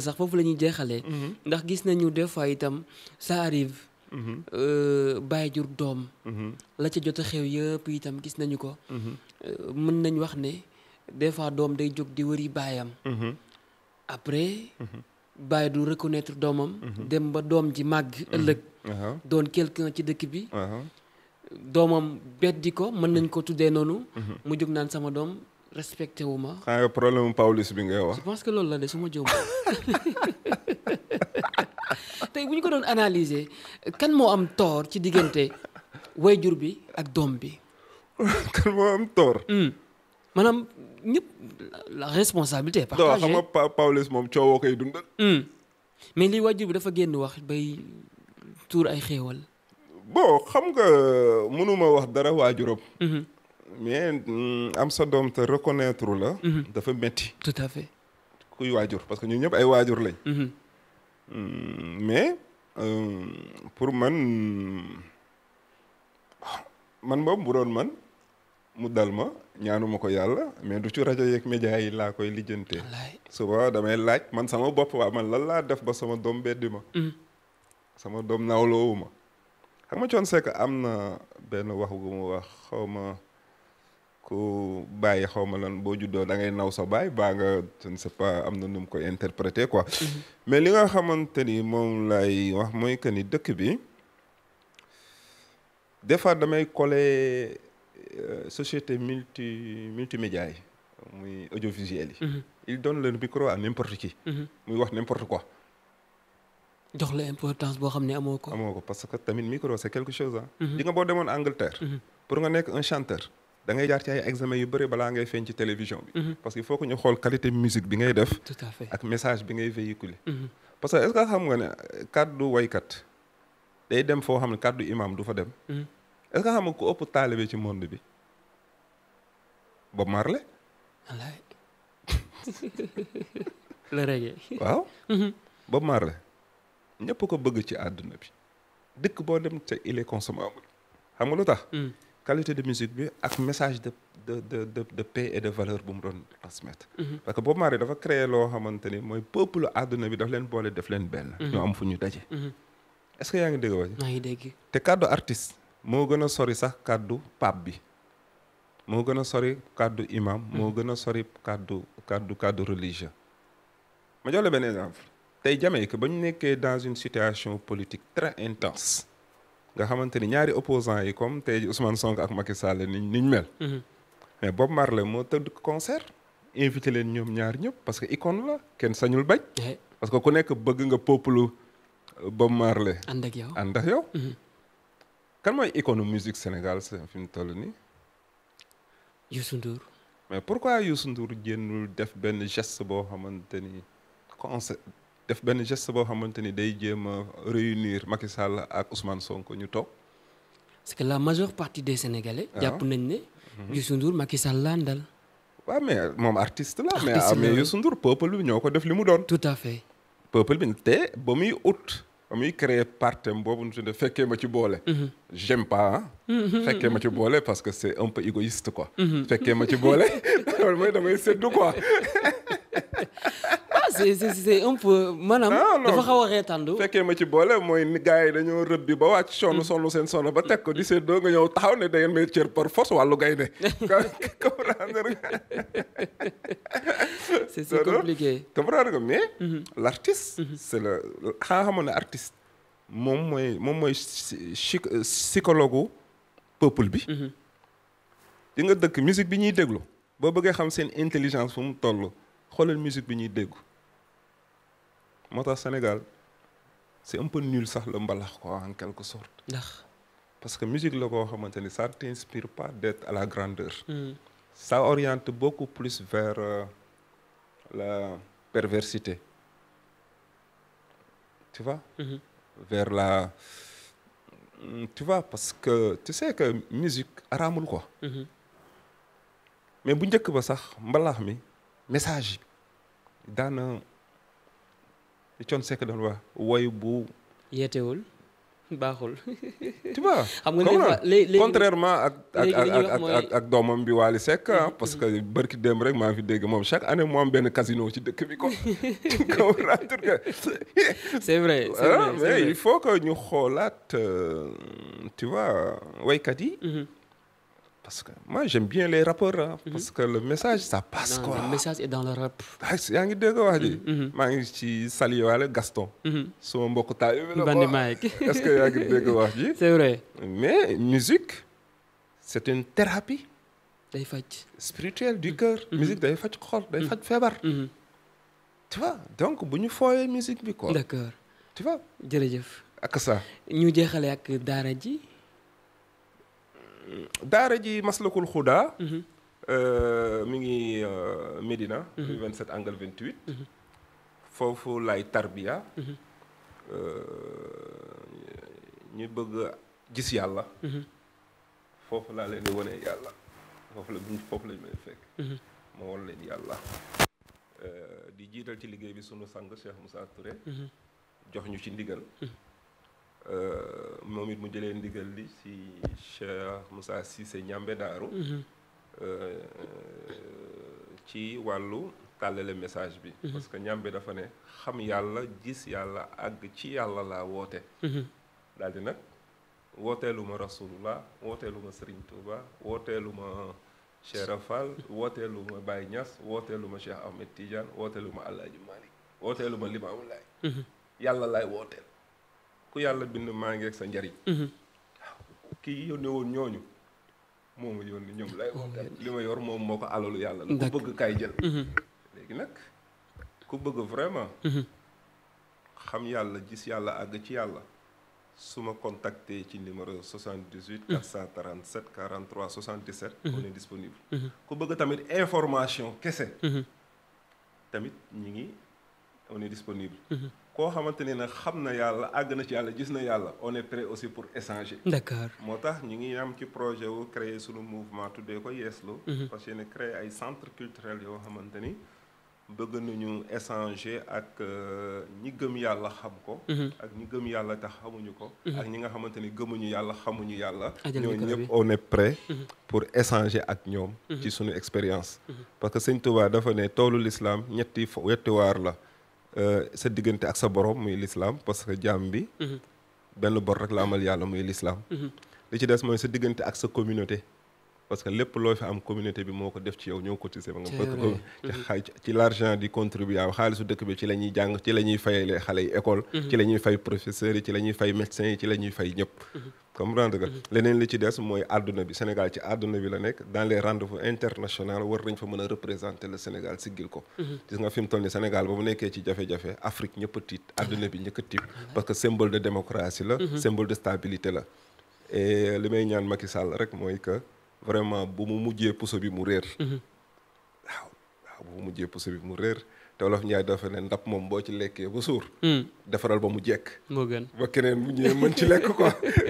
sax foofu la ñuy mhm. ndax gis nañu des fois itam ça arrive mhm. euh, bàyyi jur doom mhm. la ca jot a xew yëpp itam gis nañu ko euh, mën nañ wax ne des fois doom day jóg di wëri baayam après bàyyi du reconnaître doomam dem ba doom ji màgg ëllëg uh-huh. doon quelqu'un ci dëkk bi uh-huh. doomam beddi ko mën nañ ko tuddee noonu mu jóg naan sama doom respecté wu ma. xam nga problème mu Pawlish bi ngay wax. je pense que loolu la de su ma jëw tey bu ñu ko doon analyser kan moo am toor ci diggante wayjur bi ak doom bi. kan moo am tort. Hmm. maanaam ñëpp la responsabilité. partagée non xam nga Pawlish moom coowoo koy dundal. Hmm. mais lii wayjur bi dafa génn wax bay tuur ay xéewal. bon xam nga mënuma wax dara waajuram. Hmm. mais mm, am sa doom te reconnaître la. Mhm. dafa metti tout à fait. kuy waajur parce que ñu ñëpp ay waajur lañ. Mhm. Mm, mais euh, pour man mm, man boobu bu doon man mu dal ma ñaanuma ko yàlla mais du ci rajo yeeg média yi laa koy lijjantee. suba damay laaj man sama bopp waa man lan laa def ba sama doom beddi ma. Mhm. sama doom nawloowu ma. xam nga coon sekk am na benn wax gu mu wax xaw ma. ku bàyyi xaw ma lan boo juddoo dangay naw sa baay baa nga je ne sais pas am na nu mu koy interpréter quoi. Mm-hmm. mais li nga xamante ni moom lay wax mooy que ni dëkk bi des fois damay coller euh, société multi multimédia yi muy audiovisuel yi. Mm-hmm. il donne le micro à n'importe qui. Mm-hmm. muy wax n'importe quoi. jox la importance boo xam ne amoo ko. parce que tamit micro c'est quelque chose ah. di boo demoon Angleterre. pour nga nekk un chanteur. dangay jaar ci ay examen yu bari balaa ngay feeñ ci télévision bi. Mhm. parce que il ñu xool qualité musique bi ngay def. tout à ak message bi ngay véhiculer. Mhm. parce que est-ce xam nga ne kàddu waykat day dem foo xam ne kàddu imam du fa dem. Mhm. est-ce que nga ku ëpp taalibe ci monde bi Bob Marley. wallaay. le ko bëgg ci àdduna bi dëkk boo dem te il est xam nga lu tax. qualité de musique bi ak message de de de de de paix et de valeur bu mu doon transmettre. Mhm. parce que Bob Marley dafa créer loo xamante ni mooy peuple àdduna bi daf leen boole def leen benn. Mhm. ñu am fu ñu daje. Mhm. est ce que yaa ngi dégg wàññi. maa ngi dégg. te kàddu artiste moo gën a sori sax kàddu pape bi moo gën a sori kàddu imam. moo gën a sori kàddu kàddu kàddu religieux. ma jox la benn exemple. tey Jamaïque ba ñu nekkee dans une situation politique très intense. nga xamante ni ñaari opposant yi comme tey ji Ousmane Sonko ak Macky Sall ni niñ mel mhm. mais Bob Marley moo tëdd concert invité leen ñoom ñaar ñëpp parce que icône la kenn sañul bañ eh. parce que ku nekk bëgg nga poplu euh, Bob Marley ànd ak yow ànd ak yow mhm. kan mooy icône musique Sénégal sa fi mu toll nii Youssou Ndour mais pourquoi Youssou Ndour génnul def benn geste boo xamante ni concert def benn geste boo xamante ni day jéem a réunir Macky Sall ak Ousmane Sonko ñu toog. parce que la majeure partie des sénégalais. Ah. jàpp nañ ne. Mhm. Youssou Ndour Macky Sall la ndal. mais moom artiste la. artiste ah, mais mais Youssou Ndour peuple ko def li mu doon. tout à fait. peuple bi te ba muy ut. ba muy créé partem boobu ñu tuddee fekkee ma ci boole. Mhm. j'aime pas mhm. fekkee ma ci boole parce que c'est un peu égoïste quoi. fekkee ma ci boole mooy damay séddu quoi. c'est c'est un peu maanaam. dafa xaw a reetandu. fekkee ma ci boole mooy ni gars dañoo rëb bi ba wàcc sonn mm. sonn seen sonn ba teg ko di seen doo nga ñëw taxaw ne da ngeen may cër par force wàllu gaynde. comprendre nga. c'est mais. Mm-hmm. l'artiste. Mm-hmm. c'est le xanaa xamoon ne artiste. moom mooy moom mooy psychologue peuple bi. Mm-hmm. di nga dëkk musique bi ñuy déglu boo bëggee xam seen intelligence fu mu toll xoolal musique bi ñuy déglu. moo tax Sénégal c'est un peu sax le mbalax quoi en quelque sorte. parce que musique la koo xamante ni ça t'inspire pas d'être à la grandeur. sa hmm. oriente beaucoup plus vers euh, la perversité tu vois. Hmm. la hmm, tu parce que tu sais que musique araamul quoi. mais bu njëkk ba sax mbalax mi message daana Thione Seck dafa woy bu. yeetewul baaxul. xam nga contrairement ak ak ak doomam bi Waly Seck ah, mm-hmm. parce que barki démb rek maa fi dégg moom chaque année mu am benn casino ci dëkk bi ko comprendre que. c'est c'est vrai ah, mais il faut que ñu xoolaat euh, tu vois waykat parce que ma j'aime bien les rappeurs ah. parce que le message sa passe quoi. le message est dans le rap. Ah, yaa ngi dégg wax ji. Mhm, mhm. maa ngi ci Sali wala Gaston. sama mbokk taay la Bandi Mike est-ce que yaa ngi dégg wax ji. c'est vrai. mais musique c'est une thérapie. day faj spirituelle du cœur. musique day faj xol day faj feebar. tu vois donc bu ñu fooyee musique bi quoi. d'accord tu vois. jërëjëf. ak ça. ñu jeexale ak daara ji. daara ji maslakul xuda mhm. euh, mi ngi euh, Médina 27 mhm. angle 28 mhm. foofu lay tarbiya euh, ñu bëgg gis yàlla foofu laa leen di wane yàlla foofu la buñ may fekk ma wan leen yàlla di jiital ci liggéey bi sunu sang Cheikh Moussa Touré jox ñu ci ndigal Euh, moom it mu jëlee ndigal li ci Cheikh Moussa Cissé Ñambe Daaru mhm. euh, ci wàllu tàllale message bi mhm. parce que ñàmbe dafa ne xam yàlla gis yàlla àgg ci yàlla laa woote mhm. daal di nag wooteelu ma rasulullah wooteelu ma Serigne Touba wooteelu ma Cheikh Rafal wooteelu ma Baye Niass wooteelu ma Cheikh Ahmed Tidiane wooteelu ma Alaaji Malick wooteelu ma Limaamulaay yàlla laay wooteel ku yàlla bind maa ngi ak sa njariñ mhm. kii yónni woon ñooñu moom ma yónni ñoom lay li ma yor moom moo ko alalu yàlla la bëgg kaay jël mhm. léegi nag ku bëgg vraiment mhm. xam yàlla gis yàlla àgg ci yàlla su ma contacté ci numéro 78 437 43 77 on est disponible ku bëgg tamit information kese tamit ñi ngi on disponible koo xamante ni nag xam na yàlla àgg na ci yàlla gis na yàlla on est prêt aussi pour échanger. d'accord moo tax ñu ngi am ci projet wu créer sunu mouvement tuddee ko yeeslu. parce mhm. que ne créer ay centre culturel yoo xamante ni bëgg nañu échanger ak euh, ñi gëm yàlla xam ko. Mhm. ak ñi gëm yàlla te xamuñu ko. Mhm. ak ñi nga xamante ni gëmuñu yàlla xamuñu yàlla. ñooñu ñëpp on est prêt. pour échanger ak ñoom. ci suñu expérience. parce que sëñ Touba dafa ne toolu lislaam ñetti ñetti waar la. Euh, sa diggante ak sa borom muy lislaam parce que jaam bi mhm. benn bor rek la amal yàlla muy lislaam mhm. li ci des mooy sa diggante ak sa communauté parce que lépp loo fi am communauté bi moo ko def ci yow ñoo cotisé ba nga parce que mhm. ci l'argent di contribuable xaalisu dëkk bi ci la ñuy jàng ci la ñuy fayale xale yi école mhm. ci la fay professeurs yi ci la ñuy fay médecins yi ci la ñuy fay ñëpp mhm. comprendre nga leneen li ci des mooy àdduna bi Sénégal ci àdduna bi la nekk dans les rendez-vous internationaux war nañ fa mën a représenté le Sénégal siggil ko gis nga fi mu toll ni Sénégal ba mu nekkee ci jafe-jafe Afrique ñëpp a tiit àdduna bi ñëkk a tiit ah parce que symbole de démocratie la symbole de la et li may ñaan Macky Sall rek mooy que vraiment bu mu mujjee puso bi mu réer mhm. waaw waaw bu mu mujjee puso bi mu réer te wolof Njaay dafa ne ndap moom boo ci lekkee ba suur mm. defaral ba mu jekk moo gën ba keneen mu ñëwee mën ci lekk quoi